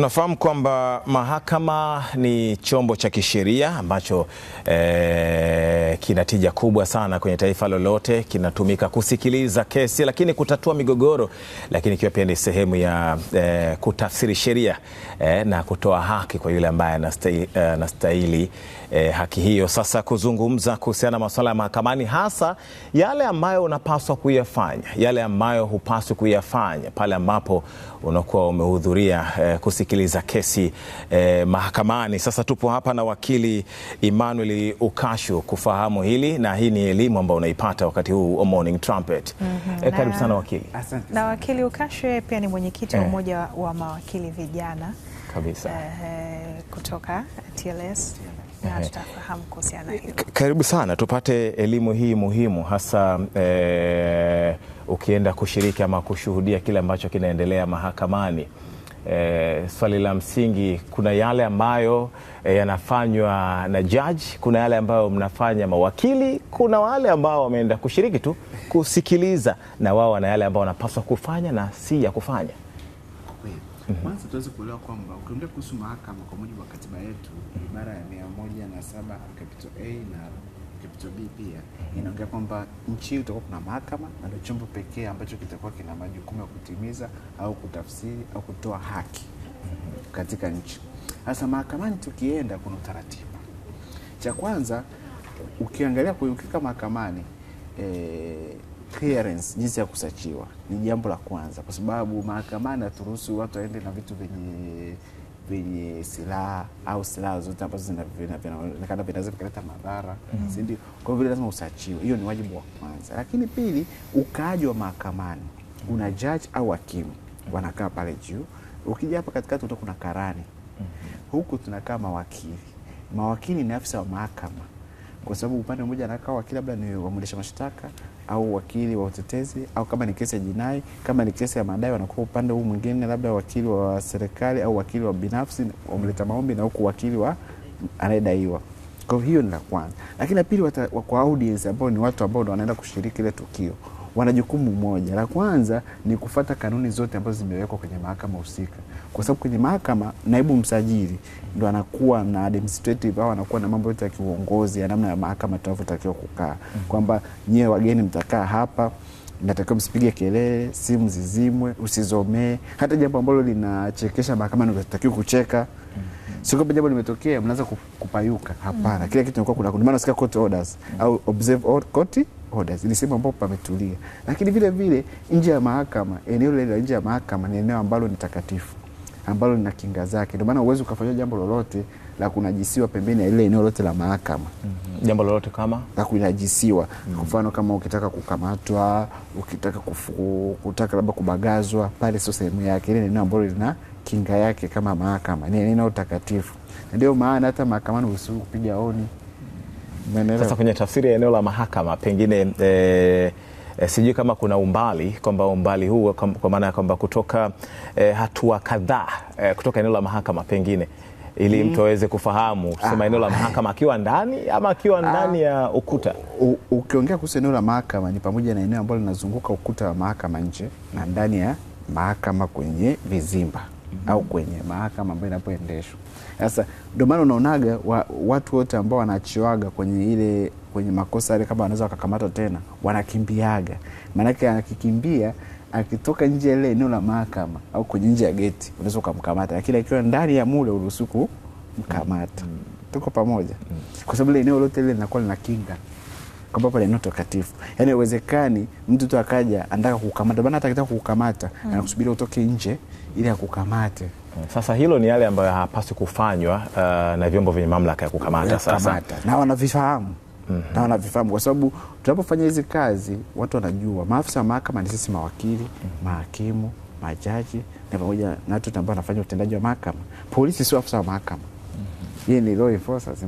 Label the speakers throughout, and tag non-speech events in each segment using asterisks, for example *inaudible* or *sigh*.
Speaker 1: Tunafahamu kwamba mahakama ni chombo cha kisheria ambacho eh, kina tija kubwa sana kwenye taifa lolote. Kinatumika kusikiliza kesi, lakini kutatua migogoro, lakini ikiwa pia ni sehemu ya eh, kutafsiri sheria eh, na kutoa haki kwa yule ambaye eh, anastahili eh, haki hiyo. Sasa kuzungumza kuhusiana na masuala ya mahakamani, hasa yale ambayo unapaswa kuyafanya, yale ambayo hupaswi kuyafanya pale ambapo unakuwa umehudhuria eh, kusikiliza kusikiliza kesi eh, mahakamani. Sasa tupo hapa na wakili Emmanuel Ukashu kufahamu hili, na hii ni elimu ambayo unaipata wakati huu wa Morning Trumpet. mm -hmm. Eh, karibu sana wakili.
Speaker 2: Asante. Na wakili Ukashu pia ni mwenyekiti wa eh, umoja wa mawakili vijana kabisa eh, kutoka TLS eh. na
Speaker 1: Karibu sana tupate elimu hii muhimu hasa e, ukienda kushiriki ama kushuhudia kile ambacho kinaendelea mahakamani eh, swali la msingi, kuna yale ambayo eh, yanafanywa na jaji, kuna yale ambayo mnafanya mawakili, kuna wale ambao wameenda kushiriki tu kusikiliza, na wao wana yale ambao wanapaswa kufanya na si ya kufanya.
Speaker 3: Mhm. Kwanza tuweze kuelewa kwamba ukiongea kuhusu mahakama kwa mujibu wa katiba yetu ibara ya mia moja na saba kapito a na Capital B pia inaongea kwamba nchi hii utakuwa kuna mahakama na ndio chombo pekee ambacho kitakuwa kina majukumu ya kutimiza au kutafsiri au kutoa haki katika nchi. Sasa mahakamani tukienda, kuna utaratibu. Cha kwanza ukiangalia ukifika mahakamani eh, clearance jinsi ya kusachiwa ni jambo la kwanza, kwa sababu mahakamani haturuhusu watu waende na vitu vyenye vyenye silaha au silaha zote ambazo zinaonekana vinaweza vikaleta madhara, mm-hmm. si ndio? Kwa hivyo lazima usachiwe. Hiyo ni wajibu wa kwanza, lakini pili, ukaaji wa mahakamani, kuna mm-hmm. judge au hakimu mm-hmm. wanakaa pale juu. Ukija hapa katikati utakuwa kuna karani, huku tunakaa mawakili. Mawakili ni afisa wa mahakama, kwa sababu upande mmoja anakaa wakili labda ni wamulisha mashtaka au wakili wa utetezi au kama ni kesi ya jinai, kama ni kesi ya madai, wanakuwa upande huu mwingine, labda wakili wa serikali au wakili wa binafsi wameleta maombi na huku wakili wa anayedaiwa. Kwa hiyo ni la kwanza, lakini la pili, kwa audience ambao ni watu ambao wanaenda kushiriki ile tukio wana jukumu moja. La kwanza ni kufata kanuni zote ambazo zimewekwa kwenye mahakama husika, kwa sababu kwenye mahakama naibu msajili ndo anakuwa na administrative au anakuwa na mambo yote ya kiuongozi ya namna ya mahakama tunavyotakiwa kukaa, mhm. kwamba nyewe wageni mtakaa hapa natakiwa msipige kelele, simu zizimwe, usizomee. Hata jambo ambalo linachekesha mahakama natakiwa kucheka sio kwamba jambo limetokea mnaanza kupayuka. Hapana, kila kitu inakuwa kuna, ndio maana sika court orders au observe all court orders ni sehemu ambapo pametulia, lakini vile vile nje ya mahakama, eneo lile la nje ya mahakama ni eneo ambalo ni takatifu ambalo lina kinga zake, ndio maana uwezi ukafanya jambo lolote la kunajisiwa pembeni ya ile eneo lote la mahakama mm
Speaker 1: -hmm. jambo lolote kama
Speaker 3: la kunajisiwa mm -hmm. Kwa mfano kama ukitaka kukamatwa, ukitaka kufu, kutaka labda kubagazwa, pale sio sehemu yake. Ile eneo ambalo lina kinga yake kama mahakama ni neno utakatifu, ndio maana hata mahakamani usiku kupiga honi.
Speaker 1: Sasa kwenye tafsiri ya eneo la mahakama pengine e, e, sijui kama kuna umbali kwamba umbali huu kwa maana ya kwamba kutoka e, hatua kadhaa e, kutoka eneo la mahakama pengine ili mm, mtu aweze kufahamu kusema ah, eneo la mahakama akiwa ndani ama akiwa ah, ndani ya ukuta.
Speaker 3: Ukiongea kuhusu eneo la mahakama ni pamoja na eneo ambalo linazunguka ukuta wa mahakama nje na ndani ya mahakama kwenye vizimba. -hmm. au kwenye mahakama ambayo inapoendeshwa. Sasa ndio maana unaonaga wa, watu wote ambao wanachiwaga kwenye ile kwenye makosa yale, kama wanaweza wakakamatwa tena, wanakimbiaga. Maanake akikimbia akitoka nje ya ile eneo la mahakama au kwenye nje ya geti unaweza ukamkamata, lakini akiwa ndani ya mule uruhusu kumkamata. mm -hmm. Tuko pamoja? mm -hmm. Kwa sababu ile eneo lote lile linakuwa lina kinga kwamba pale ni takatifu. Yaani uwezekani mtu tu akaja anataka kukamata, bana hata akitaka kukamata mm. anakusubiri utoke nje ili akukamate.
Speaker 1: Sasa hilo ni yale ambayo hapaswi kufanywa uh, na vyombo vyenye mamlaka ya kukamata ya sasa kamata.
Speaker 3: na wanavifahamu mm -hmm. na wanavifahamu kwa sababu tunapofanya hizi kazi watu wanajua, maafisa wa mahakama ni sisi mawakili, mhm. mahakimu, majaji na pamoja na watu ambao wanafanya utendaji wa mahakama. Polisi sio afisa wa mahakama yeye ni law enforcers,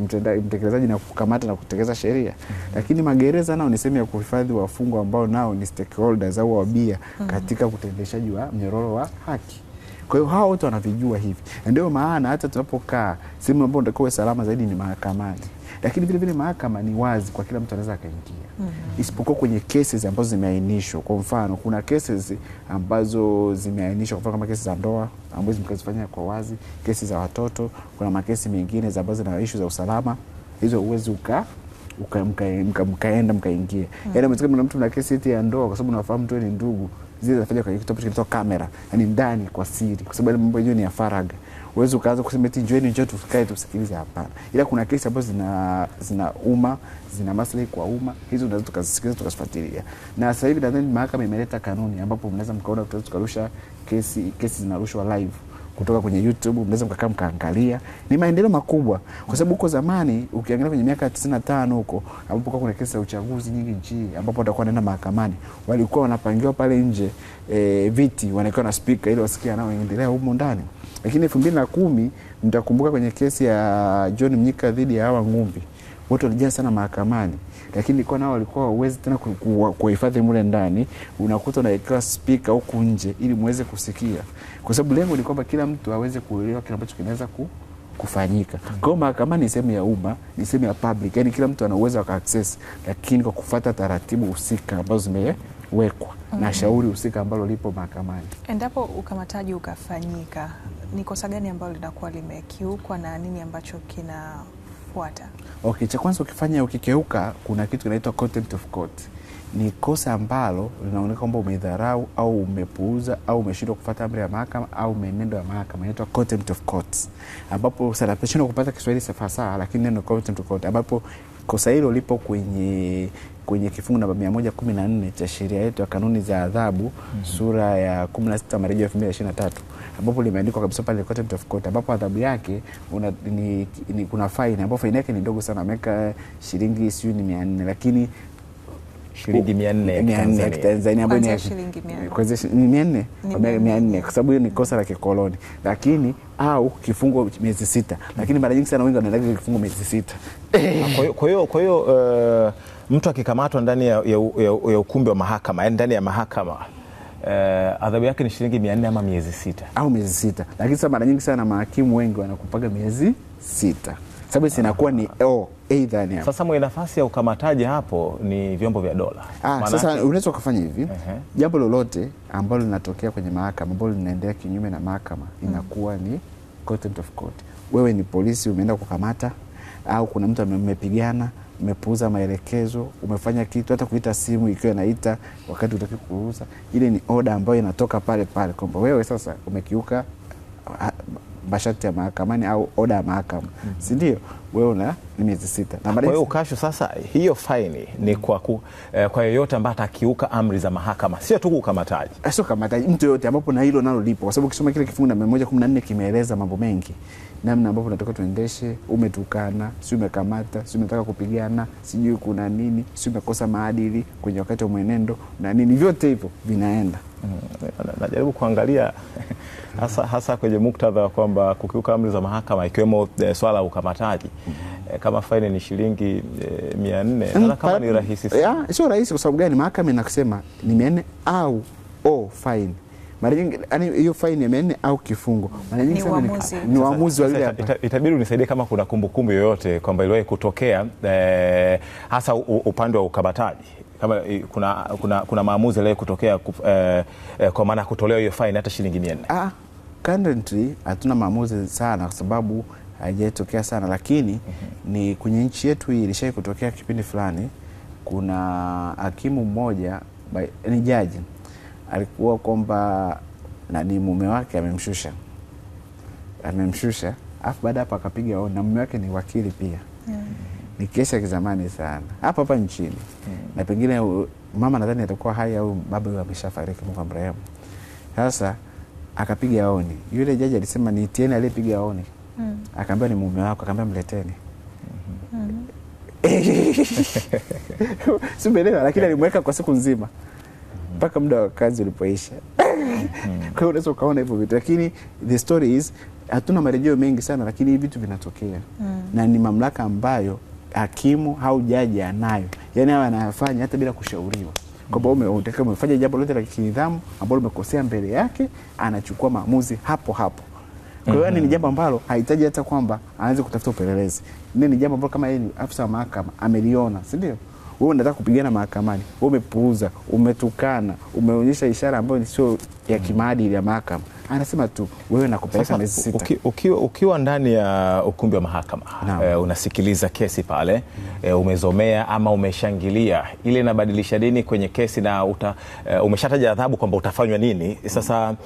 Speaker 3: mtekelezaji na kukamata na kutekeleza sheria mm -hmm. Lakini magereza nao ni sehemu ya kuhifadhi wafungwa ambao nao ni stakeholders au wabia mm -hmm. katika kutendeshaji wa mnyororo wa haki. Kwa hiyo hawa wote wanavijua hivi, ndio maana hata tunapokaa sehemu ambayo ndio salama zaidi ni mahakamani lakini vile vile mahakama ni wazi kwa kila mtu anaweza akaingia mm -hmm. isipokuwa kwenye cases ambazo zimeainishwa. Kwa mfano kuna cases ambazo zimeainishwa, kwa mfano kama kesi za ndoa ambazo zimekazifanya kwa wazi, kesi za watoto, kuna makesi mengine za ambazo zina ishu za usalama, hizo uwezi uka mkaenda mkaingia. Mm. Yaani mtu mtu na kesi eti ya ndoa kwa sababu unafahamu tu ni ndugu, zile zinafanywa kwenye kitabu kinaitwa kamera, yani ndani kwa siri, kwa sababu mambo yenyewe ni ya faragha. Uwezi ukaanza kusema eti njoeni, njoo tukae tusikilize, hapana. Ila kuna kesi ambazo zina zina umma zina maslahi kwa umma, hizo tunaweza tukazisikiliza tukazifuatilia. Na sasa hivi nadhani mahakama imeleta kanuni ambapo mnaweza mkaona, tunaweza tukarusha kesi, kesi zinarushwa live kutoka kwenye YouTube, mnaweza mkakaa mkaangalia. Ni maendeleo makubwa, kwa sababu huko zamani ukiangalia kwenye miaka tano huko ambapo kuna kesi za uchaguzi nyingi nchini, ambapo watakuwa wanaenda mahakamani, walikuwa wanapangiwa pale nje e, viti wanakiwa na spika ili wasikie anaoendelea humo ndani. Lakini elfu mbili na kumi mtakumbuka kwenye kesi ya John Mnyika dhidi ya hawa ng'umbi watu walijaa sana mahakamani, lakini kwa nao walikuwa wawezi tena kuwahifadhi mule ndani, unakuta unawekewa spika huku nje ili mweze kusikia, kwa sababu lengo ni kwamba kila mtu aweze kuelewa kile ambacho kinaweza ku, kufanyika. Kwa hiyo mahakamani ni sehemu ya umma, ni sehemu ya public, yani kila mtu ana uwezo wa access, lakini kwa kufata taratibu husika ambazo zimewekwa mm -hmm. na mm-hmm. shauri husika ambalo lipo mahakamani.
Speaker 2: Endapo ukamataji ukafanyika ni kosa gani ambalo linakuwa limekiukwa na nini ambacho kinafuata?
Speaker 3: Okay, cha kwanza ukifanya ukikeuka, kuna kitu kinaitwa contempt of court ni kosa ambalo linaonekana kwamba umedharau au umepuuza au umeshindwa kufuata amri ya mahakama au menendo ya mahakama, inaitwa contempt of court, ambapo sanapeshindwa kupata Kiswahili safasaha, lakini neno contempt of court, ambapo kosa hilo lipo kwenye kwenye kifungu namba 114 cha sheria yetu ya kanuni za adhabu mm -hmm. sura ya 16 marejeo 2023 ambapo limeandikwa kabisa pale contempt of court, ambapo adhabu yake una, ni, ni, kuna faini ambapo faini yake ni ndogo sana, ameweka shilingi sijui ni 400 lakini
Speaker 1: shilingi mia nne
Speaker 3: Tanzania mia nne kwa sababu hiyo ni kosa la kikoloni, lakini au kifungo miezi sita, lakini mara nyingi sana wengi wanaendaga kifungo miezi sita.
Speaker 1: Ah, kwa hiyo uh, mtu akikamatwa ndani ya, ya, ya, ya ukumbi wa mahakama, yani ndani ya mahakama Uh, adhabu yake ni shilingi mia nne ama miezi sita
Speaker 3: au miezi sita, lakini sasa mara nyingi sana mahakimu wengi wanakupaga miezi sita sababu sinakuwa ni o aidha yani
Speaker 1: sasa mwe nafasi ya ukamataji hapo ni vyombo vya dola.
Speaker 3: Ah, sasa unaweza ukafanya hivi uh -huh. Jambo lolote ambalo linatokea kwenye mahakama ambalo linaendelea kinyume na mahakama mm. inakuwa ni contempt of court. Wewe ni polisi umeenda kukamata, au kuna mtu mmepigana, umepuuza maelekezo, umefanya kitu, hata kuita simu ikiwa inaita wakati utaki kuuza, ile ni oda ambayo inatoka pale pale kwamba wewe sasa umekiuka masharti ya mahakamani au oda ya mahakama, mm -hmm. si ndio? wewe una ni miezi sita.
Speaker 1: Na Kwa hiyo ukasho sasa, hiyo faini ni kwa, ku, eh, kwa yeyote ambaye atakiuka amri za mahakama, sio tu ukamataji,
Speaker 3: eh, sio kamataji, mtu yoyote, ambapo na hilo nalo lipo, kwa sababu ukisoma kile kifungu na 114 kimeeleza mambo mengi, namna ambapo unatoka tuendeshe, umetukana, si umekamata, si umetaka kupigana, sijui kuna nini, si umekosa maadili kwenye wakati wa mwenendo na nini, vyote hivyo vinaenda mm,
Speaker 1: najaribu kuangalia *laughs* hasa, hasa kwenye muktadha wa kwamba kukiuka amri za mahakama ikiwemo eh, swala la ukamataji Eh, kama faini ni shilingi e, mia nne mm, kama ni rahisi
Speaker 3: sana. Sio rahisi kwa sababu gani? Mahakama inakusema ni mia nne au o faini mara nyingi yani hiyo faini ya mia nne au kifungo mara nyingi ni uamuzi wa yule hapa.
Speaker 1: Itabidi unisaidie kama kuna kumbukumbu yoyote kwamba iliwahi kutokea eh, hasa upande wa ukabataji kama kuna, kuna, kuna maamuzi yaliwahi kutokea eh, eh, kwa maana ya kutolewa hiyo faini hata shilingi mia nne.
Speaker 3: Ah, Currently hatuna maamuzi sana kwa sababu haijatokea sana lakini, mm -hmm. ni kwenye nchi yetu hii ilishai kutokea kipindi fulani. Kuna hakimu mmoja ni jaji alikuwa kwamba nani mume wake amemshusha amemshusha, alafu baada hapo akapiga na mume wake ni wakili pia yeah. Ni kesi ya kizamani sana hapa hapa nchini yeah. Mm. Na pengine mama nadhani atakuwa hai au baba ameshafariki, Mungu amrehemu sasa akapiga aoni. Yule jaji alisema niitieni aliyepiga aoni mm. Akaambia ni mume wako, akaambia mleteni mm -hmm. *laughs* Simeelewa, lakini alimweka kwa siku nzima mpaka muda wa kazi ulipoisha. Hmm. Kwa hiyo unaweza ukaona hivyo vitu, lakini the story is hatuna marejeo mengi sana, lakini hivi vitu vinatokea mm. na ni mamlaka ambayo hakimu au jaji anayo, yani ayo anayafanya hata bila kushauriwa kwamba umetaka umefanya jambo lote la kinidhamu ambalo umekosea mbele yake, anachukua maamuzi hapo hapo. Kwa hiyo mm -hmm. ni mhm. jambo ambalo hahitaji hata kwamba aanze kutafuta upelelezi. Ni ni jambo ambalo kama yeye afisa wa mahakama ameliona, si ndio? Wewe unataka kupigana mahakamani, wewe umepuuza, umetukana, umeonyesha ishara ambayo sio ya kimaadili ya mahakama anasema tu wewe nakupeleka miezi sita. Uki,
Speaker 1: ukiwa, ukiwa ndani ya ukumbi wa mahakama e, unasikiliza kesi pale mm. e, umezomea ama umeshangilia, ile inabadilisha nini kwenye kesi na uta, e, umeshataja adhabu kwamba utafanywa nini sasa mm.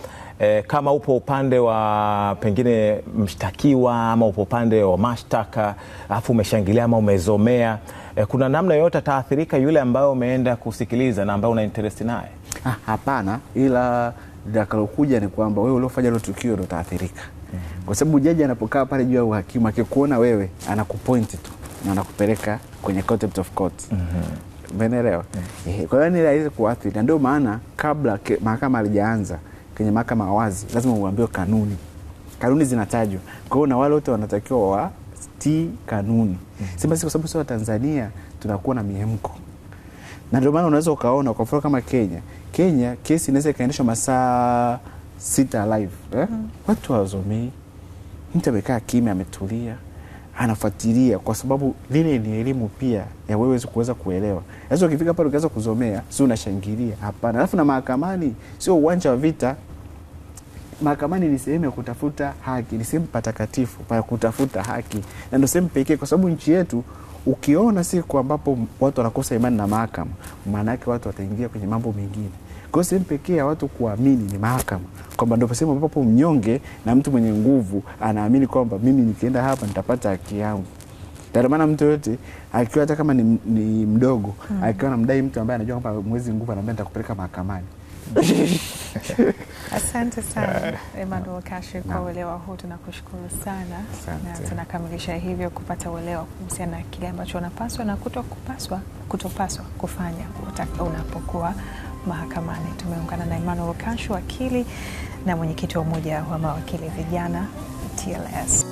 Speaker 1: E, kama upo upande wa pengine mshtakiwa ama upo upande wa mashtaka alafu umeshangilia ama umezomea e, kuna namna yoyote ataathirika yule ambayo umeenda kusikiliza na ambayo una interest naye?
Speaker 3: Ah, hapana, ila litakalokuja ni kwamba wewe uliofanya hilo tukio ndio utaathirika, Mm-hmm. kwa sababu jaji anapokaa pale juu ya uhakimu akikuona wewe anakupointi tu na anakupeleka kwenye contempt of court. Mm-hmm. Umeelewa? Mm-hmm. Eh, kwa hiyo ni rahisi kuathiri, na ndio maana kabla ke, mahakama alijaanza kwenye mahakama wazi lazima uambiwe kanuni, kanuni zinatajwa. Kwa hiyo na wale wote wanatakiwa wa watii kanuni, Mm-hmm. si basi, kwa sababu sio Tanzania tunakuwa na miemko. na ndio maana unaweza ukaona kwa mfano kama Kenya Kenya kesi inaweza ikaendeshwa masaa sita live eh? mm. watu hawasomei, mtu amekaa kimya, ametulia, anafuatilia kwa sababu lile ni elimu pia ya wewe kuweza kuelewa. Sasa ukifika pale ukianza kuzomea, si unashangilia? Hapana. Alafu na mahakamani sio uwanja wa vita. Mahakamani ni sehemu ya kutafuta haki, ni sehemu patakatifu pa kutafuta haki, na ndio sehemu pekee, kwa sababu nchi yetu Ukiona siku ambapo watu wanakosa imani na mahakama, maana yake watu wataingia kwenye mambo mengine. Kwa hiyo sehemu pekee ya watu kuamini ni mahakama, kwamba ndio sehemu ambapo mnyonge na mtu mwenye nguvu anaamini kwamba mimi nikienda hapa nitapata haki yangu. Ndio maana mtu yoyote akiwa hata kama ni, ni mdogo mm. akiwa namdai mtu ambaye anajua kwamba mwezi nguvu, anaambia nitakupeleka mahakamani,
Speaker 2: *laughs* Asante sana Emmanuel Kashi kwa uelewa huu, tunakushukuru sana Na tunakamilisha hivyo kupata uelewa kuhusiana na kile ambacho unapaswa na kutokupaswa kutopaswa kufanya unapokuwa mahakamani. Tumeungana na Emmanuel Kashi, wakili na mwenyekiti wa Umoja wa Mawakili Vijana TLS.